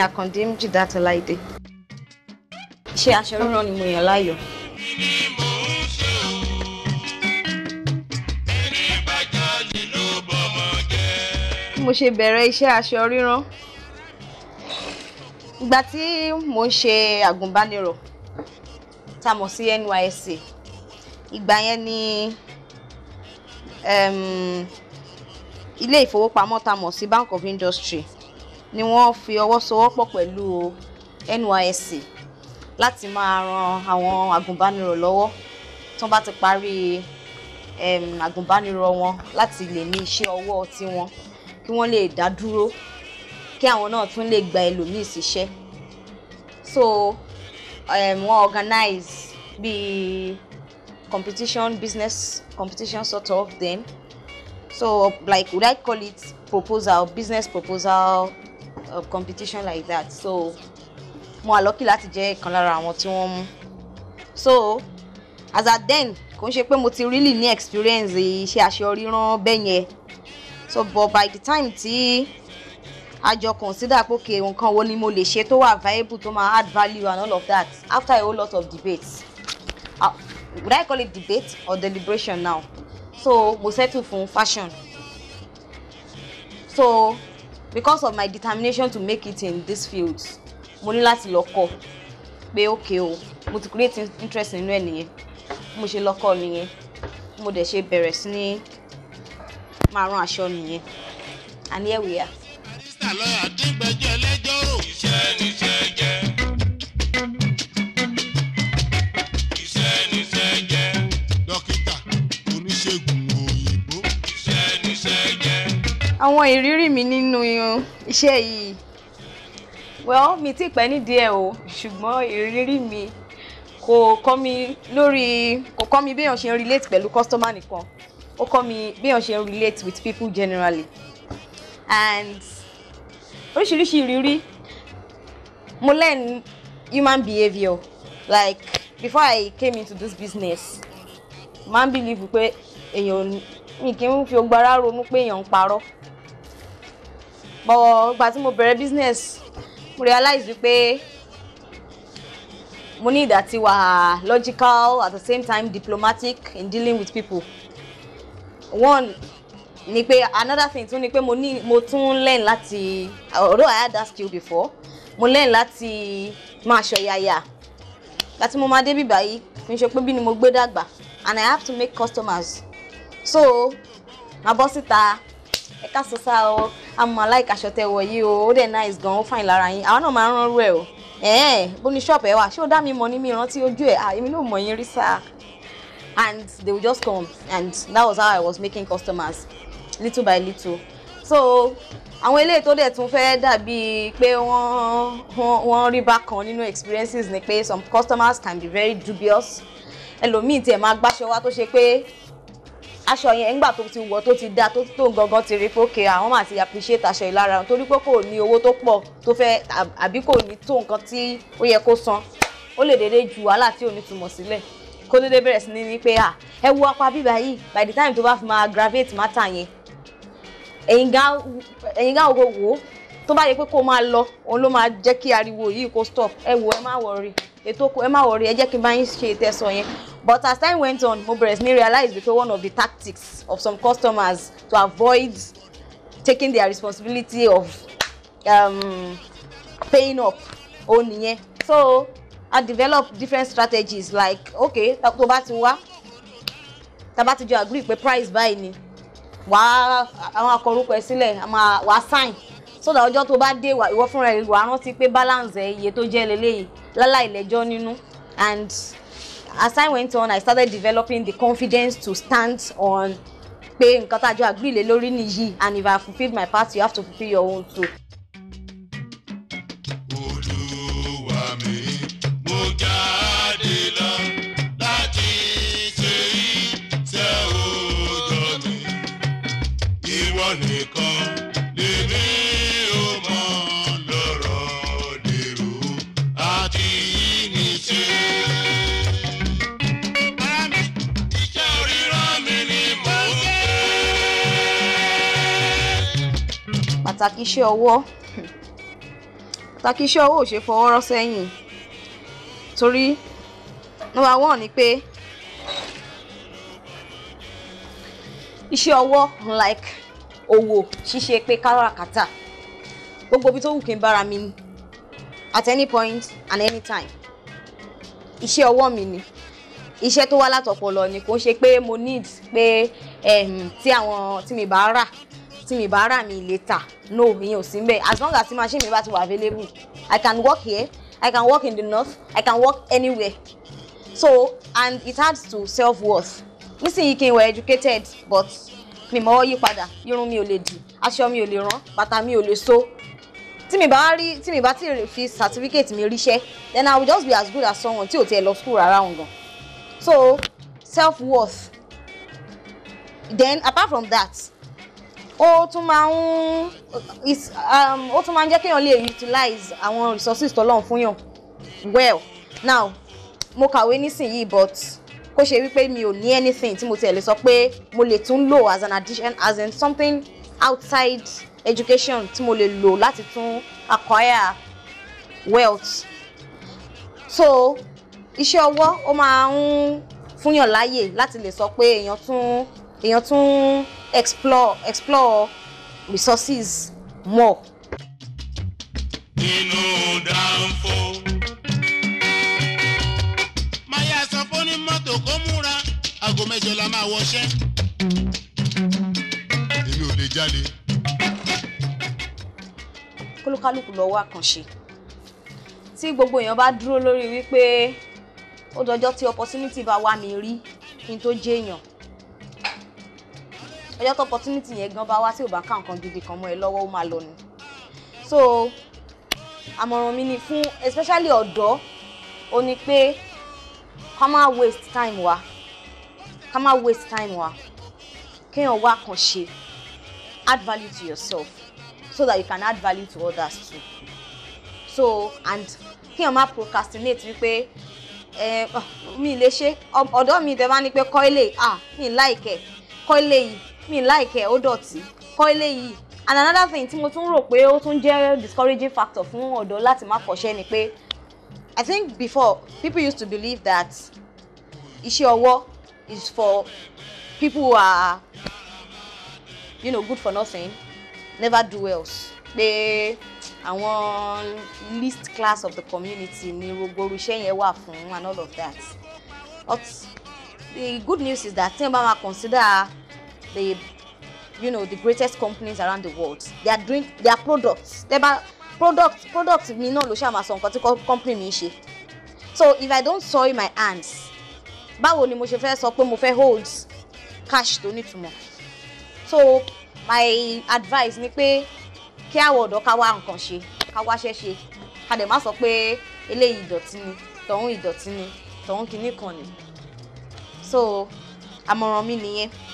ẹ̀yin àkàndé Mújìdá Tọ́láìdé ṣé aṣọ rírán ni mo yàn láàyò. bí mo ṣe bẹ̀rẹ̀ iṣẹ́ aṣọ rírán ìgbà tí mo ń ṣe àgùnbánirọ̀ tá a mọ̀ sí NYSC ìgbà yẹn ni ilé ìfowópamọ́ tá mọ̀ sí Bank of Industry ni wọ́n fi ọwọ́ sowọ́pọ̀ pẹ̀lú NYSC láti máa ran àwọn agùnbánirọ̀ lọ́wọ́ tí wọ́n bá ti parí agùnbánirọ̀ wọn láti lè ní iṣẹ́ ọwọ́ tiwọn kí wọ́n lè dá dúró kí àwọn náà tún lè gba ẹlòmíì síṣẹ́ so um, organize bíi competition business competition sort of then so like would I call it proposal business proposal of competition like that so mo wà lucky láti jẹ́ ìkan lára àwọn tí wọ́n mú so as at then kò ń ṣe pé mo ti really ní experience iṣẹ́ aṣọ ríran bẹ́ẹ̀ yẹn so but by the time tí a jọ consider pé okay nǹkan wo ni mo lè ṣe tó wà viable tó máa add value and all of that after a whole lot of debates uh, would I call it debate or deliberation now so mo settle fún fashion so because of my determination to make it in this field mo ní láti lọ kọ́ pé okay o mo ti create interest nínú ẹ̀ nìyẹn mo ṣe lọ kọ́ nìyẹn mo dẹ̀ ṣe bẹ̀rẹ̀ sí ní máa rán aṣọ nìyẹn and here we are. Àwọn ìrírí mi nínú iṣẹ́ yìí. Well, mi ti pẹ́ nídìí ẹ̀ o, ṣùgbọ́n ìrírí mi kò kọ́ mi lórí kò kọ́ mi béèyàn ṣe ń relate pẹ̀lú customer nìkan. Ó kọ́ mi béèyàn ṣe ń relate with people generally. And oríṣiríṣi ìrírí mo learn human behaviour like before I came into this business máa ń believe pé èèyàn mi kì í fi ogbara ronú pé èèyàn ń parọ́ but ìgbà tí mo bẹ̀rẹ̀ business mo realize wípé mo need àti wà logical at the same time diplomatic in dealing with people one ni pé another thing tún ni pé mo ní mo tún learn láti although I had that skill before mo learn láti máa ṣọ̀yàyà láti mo máa débí báyìí kì í ṣe pé bí ni mo gbé dàgbà and I have to make customers so màá bọ́ síta ẹ ká sọ sá ọ a mọ aláìka aṣọ tẹ wọ yìí o ó dẹ̀ nice gan ó fàìn lára yín àwọn náà máa ń rán rú ẹ o ẹ̀ẹ́n bó ní ṣọ́ọ̀bù ẹ wà ṣé ó dá mi mọ ní mi ìrántí ojú ẹ èmi náà mọ̀ yín rí sáà and they would just come and that was how I was making customers little by little so àwọn eléyìí tó dẹ̀ tún fẹ́ dàbí pé wọ́n wọ́n rí bákan nínú experiences ni pé some customers can be very dubious ẹlòmíì tiẹ̀ máa gbáṣọ wá tó ṣe pé aṣọ yẹn ńgbà tó ti wọ̀ tó ti da tó tó gangan ti rí fókè àwọn máa ti appreciate aṣọ yìí lára torí pé kò ní owó tó pọ̀ tó fẹ́ àbí kò ní tó nǹkan tí ó yẹ kó san ó lè dédé ju wàhálà tí ò ní túmọ̀ sílẹ̀ kó dédé bẹ̀rẹ̀ sí ní ní pé ẹ wo apá bíbá yìí by the time tó bá fi máa gravitate matter yẹn ẹ̀yin gan ẹ̀yin gan ògo wò ó tó bá yẹ pé kó máa lọ òun ló máa jẹ́ kí ariwo yìí kó stop ẹ wo ẹ má wọrí ètò ẹ má wọrí ẹ jẹ́ kí n bá yín ṣe ìtẹ̀sọ̀ yẹn but as time went on mo me sí ní realize wípé one of the tactics of some customers to avoid taking their responsibility of um, paying up Oh nìyẹn so I developed different strategies like okay tó bá ti wá tá bá ti jọ agree pé price báyìí ni wàá àwọn akọrúkọ ẹ sílẹ̀ wàá sign so that ọjọ́ tó bá dé ìwọ fúnra ẹ̀ wàá rántí pé balance ẹ̀ iye tó jẹ́ leléyìí láláì lẹ́jọ́ nínú and as time went on i started developing the confidence to stand on pé nǹkan tájọ agree lé lórí nìyí and if i fulfil my part you have to fulfil your own too. pàtàkì iṣẹ́ ọwọ́ pàtàkì iṣẹ́ ọwọ́ ò ṣe fọwọ́ rọ́ sẹ́yìn torí number one ni pé iṣẹ́ ọwọ́ like owó ṣíṣe pé káràkátà gbogbo ibi tó wù kí n bára mi ni at any point and any time iṣẹ́ ọwọ́ mi ni iṣẹ́ tó wá látọpọlọ ni kò ń ṣe pé mo need pé ehm, tí àwọn tí mi bá rà tí mi bá rà later no mi ò sí mbẹ as long as machine mi bá ti wà available i can work here i can work in the north i can work anywhere so and it adds to self worth nísìnyí kí n were educated but mi mọ́ yí padà irun mi ò lè dì aṣọ mi ò lè rán bàtà mi ò lè so tí mi bá rí tí mi bá ti fi certificate mi ríṣẹ́ then i will just be as good as someone tí ò tiẹ̀ lọ school rárá òun so self worth then apart from that ó tún máa ń um, ó tún máa ń jẹ́ kéèyàn lè utilize àwọn resources tọ́lọ́run fún yàn well now mo kàwé nísìnyí but kó ṣe wípé mi ò ní anything tí mo tiẹ̀ lè sọ pé mo lè tún lò as an addition as in something outside education tí mo lè lò láti tún acquire wealth so iṣẹ́ ọwọ́ ó máa ń fúnyàn láàyè láti lè sọ pé èèyàn tún èèyàn tún explore explore resources more. inú dánfó. máyà sọ fún ní mọ́tò kó múra aago mẹ́jọ la máa wọṣẹ́. èmi ò lè jáde. kólúkálùkù lọ wá tí gbogbo èèyàn bá dúró lórí wípé ó dọjọ́ tí opportunity bá wá mi rí kí n tó jẹ́ èèyàn ọjọ́ tó opportunity yẹn gan bá wá tí ò bá ká nǹkan gidi kan mọ́ ẹ lọ́wọ́ ó máa lọ ni so àmọ̀ràn mi ni fún especially ọ̀dọ́ ó ní pé ká má waste time wa ká má waste time wa kéèyàn wá kàn ṣe add value to yourself so that you can add value to others too so and kéèyàn má procrastinate wípé eh, mi lè ṣe ọ̀dọ́ mi tẹ́ bá ní pé kọ́ ilé ah mi láìkẹ́ kọ́ ilé yìí mi láìkẹ́ ó dọ̀tí kọ́ eléyìí and another thing tí mo tún rò pé ó tún jẹ́ discouraging factor fún ọ̀dọ́ láti má kọ́ṣẹ́ ni pé I think before people used to believe that iṣẹ́ ọwọ́ is for people who are you know good for nothing never do else pé àwọn least class of the community ni gbogbo iṣẹ́ yẹn wà fún and all of that but the good news is that tí wọ́n bá máa consider the you know the greatest companies around the world they are doing their products they are products. product mi náà ló ṣe àmà sọ nǹkan tí company mi ń ṣe so if i don't soil my hands báwo ni mo ṣe fẹ́ sọ pé mo fẹ́ hold cash tó nítumọ̀ so my advice ni pé kí àwọn ọ̀dọ́ ká wá nǹkan ṣe ká wá ṣẹ́ ṣe ká dẹ̀ má sọ pé eléyìí ìdọ̀tí ni tọ̀hún ìdọ̀tí ni tọ̀hún kìíní kan ni so àmọ̀ràn mi nìyẹn.